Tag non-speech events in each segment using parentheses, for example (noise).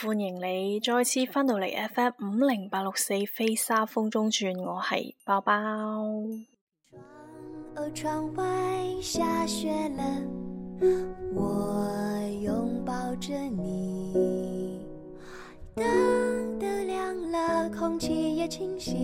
歡迎你再次翻到嚟 FM 五零八六四飛沙風中轉，我係包包。窗外下雪喇，我擁抱着你，燈都亮喇，空氣也清新，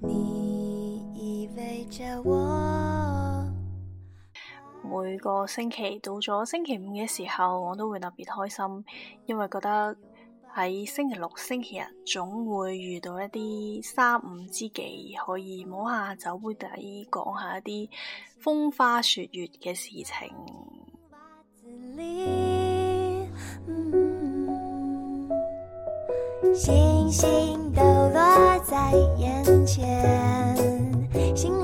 你依偎着我每個星期到咗星期五嘅時候，我都會特別開心，因為覺得喺星期六、星期日總會遇到一啲三五知己，可以摸下酒杯底，講下一啲風花雪月嘅事情。星星都落喺眼前，心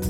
(music)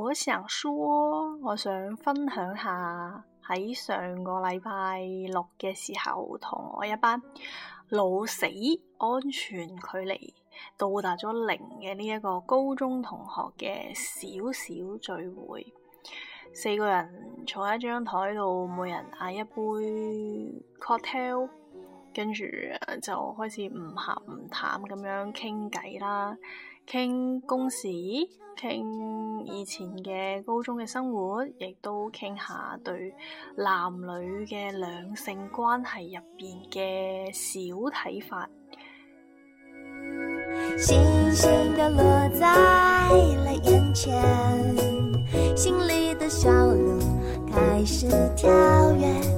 我想說，我想分享下喺上個禮拜六嘅時候，同我一班老死安全距離到達咗零嘅呢一個高中同學嘅小小聚會，四個人坐喺一張台度，每人嗌一杯 Cocktail。跟住就開始唔咸唔淡咁樣傾偈啦，傾公事，傾以前嘅高中嘅生活，亦都傾下對男女嘅兩性關係入邊嘅小睇法。星星落在了眼前，心裏的笑容開始跳躍。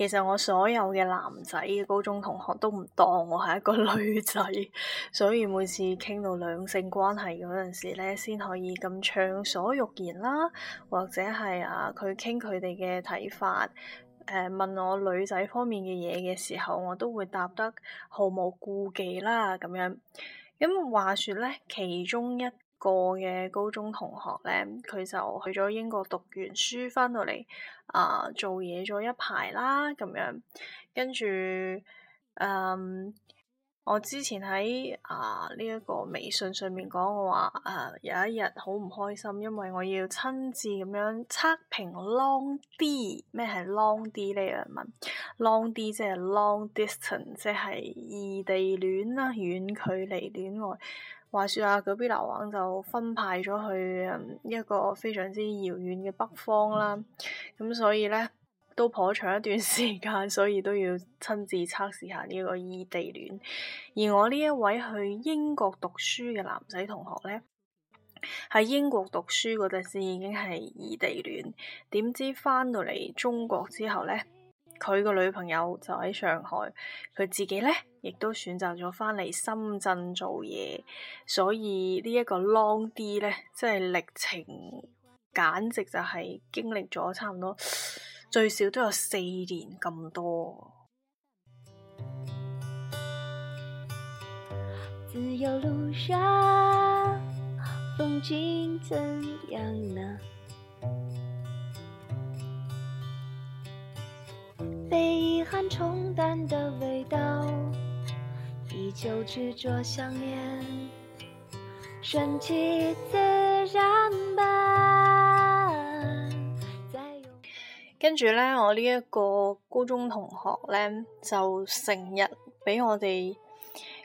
其實我所有嘅男仔嘅高中同學都唔當我係一個女仔，所以每次傾到兩性關係嗰陣時咧，先可以咁暢所欲言啦。或者係啊，佢傾佢哋嘅睇法，誒問我女仔方面嘅嘢嘅時候，我都會答得毫無顧忌啦咁樣。咁話説咧，其中一個嘅高中同學咧，佢就去咗英國讀完書，翻到嚟啊做嘢咗一排啦，咁樣跟住誒，我之前喺啊呢一個微信上面講我話誒、呃、有一日好唔開心，因為我要親自咁樣測評 long d 咩係 long d 呢樣問 long d 即係 long distance，即係異地戀啦，遠距離戀愛。話說啊，隔壁老王就分派咗去，嗯、一個非常之遙遠嘅北方啦，咁，嗯、所以呢，都頗長一段時間，所以都要親自測試下呢個異地戀。而我呢一位去英國讀書嘅男仔同學呢，喺英國讀書嗰陣時已經係異地戀，點知翻到嚟中國之後呢？佢個女朋友就喺上海，佢自己咧亦都選擇咗翻嚟深圳做嘢，所以呢一個 long D 咧，即係歷程，簡直就係經歷咗差唔多最少都有四年咁多。自由路上，風景怎樣呢？被遺憾沖淡的味道，依舊執着想念，順其自然吧。跟住咧，我呢一個高中同學咧，就成日畀我哋。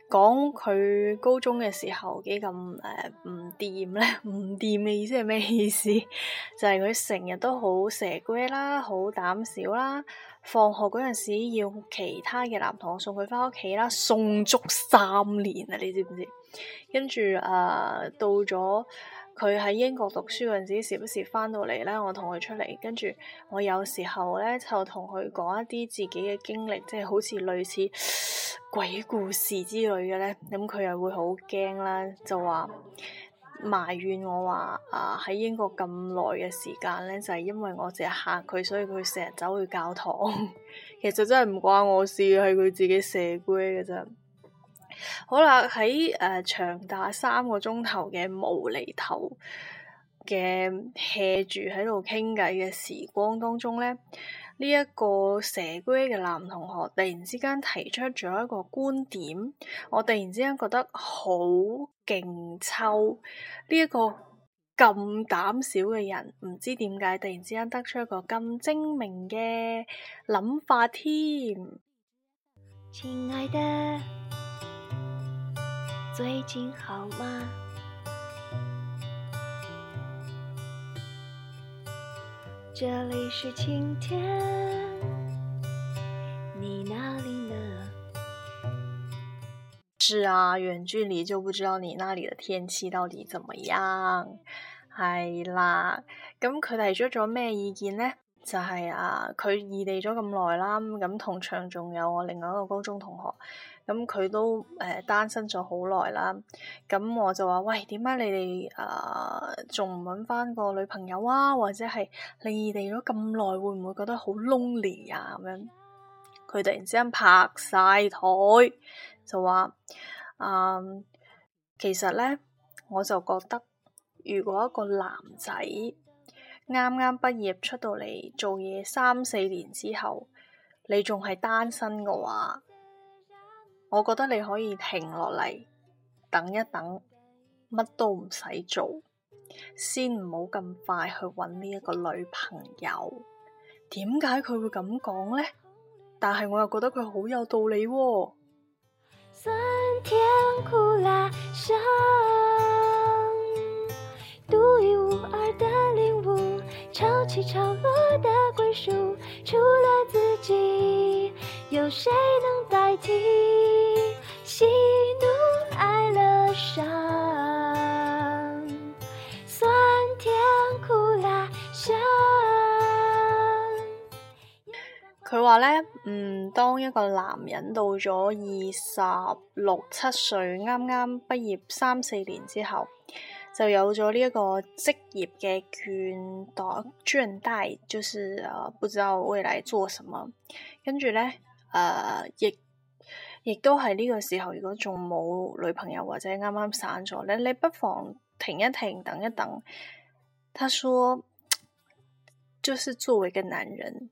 講佢高中嘅時候幾咁誒唔掂咧？唔掂嘅意思係咩意思？就係佢成日都好蛇龜啦，好膽小啦。放學嗰陣時要其他嘅男同學送佢翻屋企啦，送足三年啊！你知唔知？跟住誒，到咗。佢喺英國讀書嗰陣時，時不時翻到嚟咧，我同佢出嚟，跟住我有時候咧就同佢講一啲自己嘅經歷，即係好似類似鬼故事之類嘅咧，咁、嗯、佢又會好驚啦，就話埋怨我話啊喺英國咁耐嘅時間咧，就係、是、因為我成日嚇佢，所以佢成日走去教堂。 (laughs) 其實真係唔關我事，係佢自己邪鬼嘅啫。好啦，喺誒、呃、長達三個鐘頭嘅無厘頭嘅 hea 住喺度傾偈嘅時光當中咧，呢一個蛇龜嘅男同學突然之間提出咗一個觀點，我突然之間覺得好勁抽，呢、這、一個咁膽小嘅人，唔知點解突然之間得出一個咁精明嘅諗法添。最近好嗎？這裏是晴天，你那裏呢？是啊，遠距離就不知道你那裏嘅天氣到底怎麼樣。係啦、啊，咁佢提出咗咩意見呢？就係、是、啊，佢異地咗咁耐啦，咁同場仲有我另外一個高中同學。咁佢都誒、呃、單身咗好耐啦，咁我就話：喂，點解你哋啊仲唔揾返個女朋友啊？或者係你異地咗咁耐，會唔會覺得好 lonely 啊？咁樣佢突然之間拍晒枱，就話：誒、呃，其實咧，我就覺得，如果一個男仔啱啱畢業出到嚟做嘢三四年之後，你仲係單身嘅話，我覺得你可以停落嚟，等一等，乜都唔使做，先唔好咁快去揾呢一個女朋友。點解佢會咁講呢？但係我又覺得佢好有道理。哦。酸 (music) 佢話咧，嗯，當一個男人到咗二十六七歲，啱啱畢業三四年之後，就有咗呢一個職業嘅倦怠、倦怠，就是啊，呃，不知道未來做什麼。跟住咧，誒，呃，亦亦都係呢個時候，如果仲冇女朋友或者啱啱散咗咧，你不妨停一停，等一等。他說，就是作為一個男人。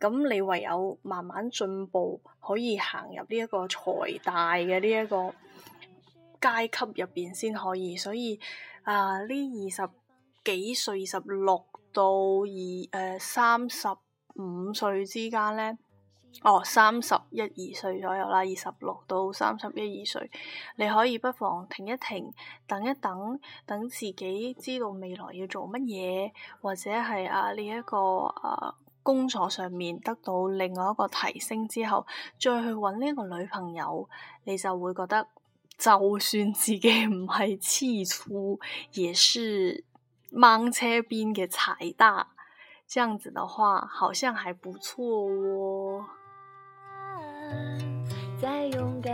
咁你唯有慢慢進步，可以行入呢一個財大嘅呢一個階級入邊先可以，所以啊呢、呃、二十幾歲，二十六到二誒、呃、三十五歲之間咧，哦三十一二歲左右啦，二十六到三十一二歲，你可以不妨停一停，等一等，等自己知道未來要做乜嘢，或者係啊呢一個啊。這個啊工作上面得到另外一個提升之後，再去揾呢個女朋友，你就會覺得就算自己唔係氣粗，也是掹車邊嘅財大，這樣子的話，好像還不錯，哦。喎。 (music)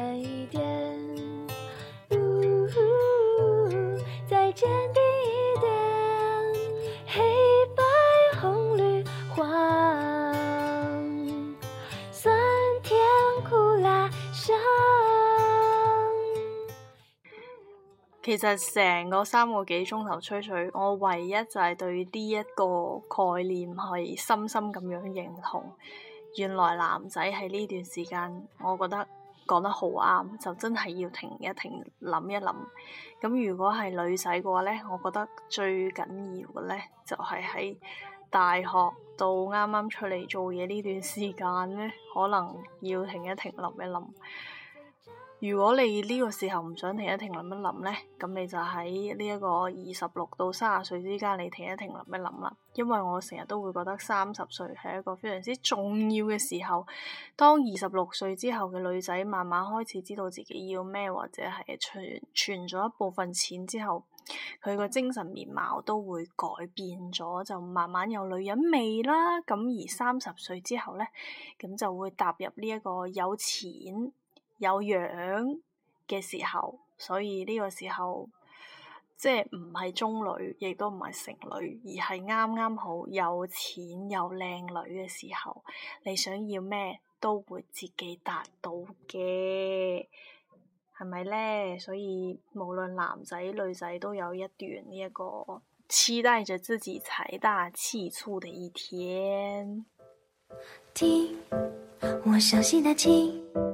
其實成個三個幾鐘頭吹水，我唯一就係對呢一個概念係深深咁樣認同。原來男仔喺呢段時間，我覺得講得好啱，就真係要停一停，諗一諗。咁如果係女仔嘅話咧，我覺得最緊要嘅咧，就係喺大學到啱啱出嚟做嘢呢段時間咧，可能要停一停，諗一諗。如果你呢個時候唔想停一停，諗一諗咧，咁你就喺呢一個二十六到三十歲之間，你停一停，諗一諗啦。因為我成日都會覺得三十歲係一個非常之重要嘅時候。當二十六歲之後嘅女仔慢慢開始知道自己要咩，或者係存存咗一部分錢之後，佢個精神面貌都會改變咗，就慢慢有女人味啦。咁而三十歲之後咧，咁就會踏入呢一個有錢，有樣嘅時候，所以呢個時候即係唔係中女，亦都唔係剩女，而係啱啱好有錢有靚女嘅時候，你想要咩都會自己達到嘅，係咪咧？所以無論男仔女仔都有一段呢、這、一個期待着自己財大氣粗嘅一天。聽，我熟悉的聽。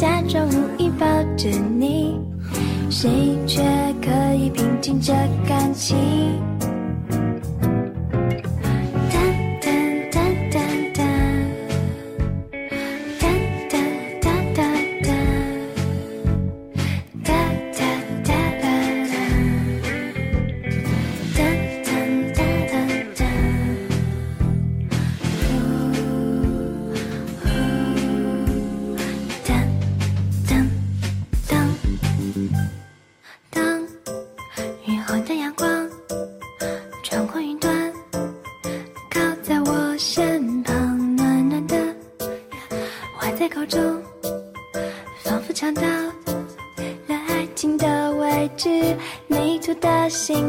假裝無意抱着你，誰卻可以平靜這感情？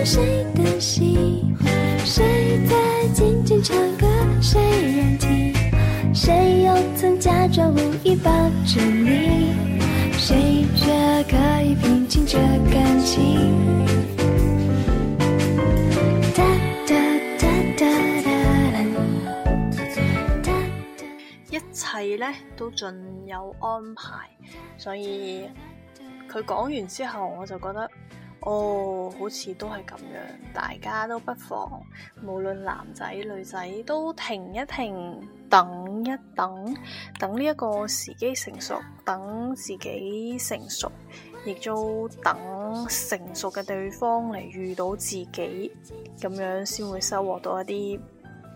一切呢，都盡有安排，所以佢講完之後，我就覺得。哦，oh，好似都係咁樣，大家都不妨，無論男仔女仔都停一停，等一等，等呢一個時機成熟，等自己成熟，亦都等成熟嘅對方嚟遇到自己，咁樣先會收穫到一啲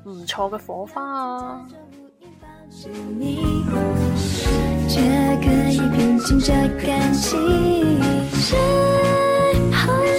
唔錯嘅火花啊！ (noise)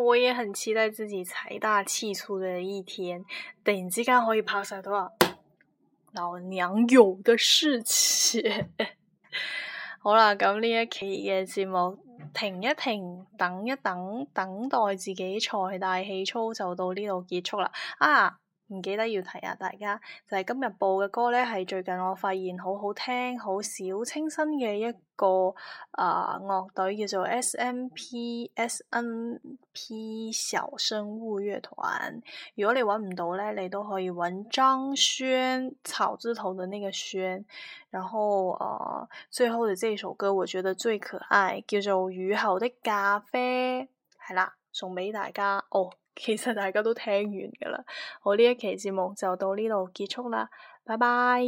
我也很期待自己財大氣粗的一天，突然之間可以拍晒托，老娘有的是錢。 (laughs) 好啦，咁呢一期嘅節目停一停，等一等，等待自己財大氣粗就到呢度結束啦。啊！唔記得要提啊！大家就係、是、今日播嘅歌咧，係最近我發現好好聽、好小清新嘅一個啊樂隊叫做 S.N.P.S.N.P 小生物樂團。如果你揾唔到咧，你都可以揾張軒草字頭的那個軒。然後啊、呃，最後的這首歌，我覺得最可愛，叫做《雨後的咖啡》，係啦，送畀大家哦。其實大家都聽完噶啦，好，呢一期節目就到呢度結束啦，拜拜。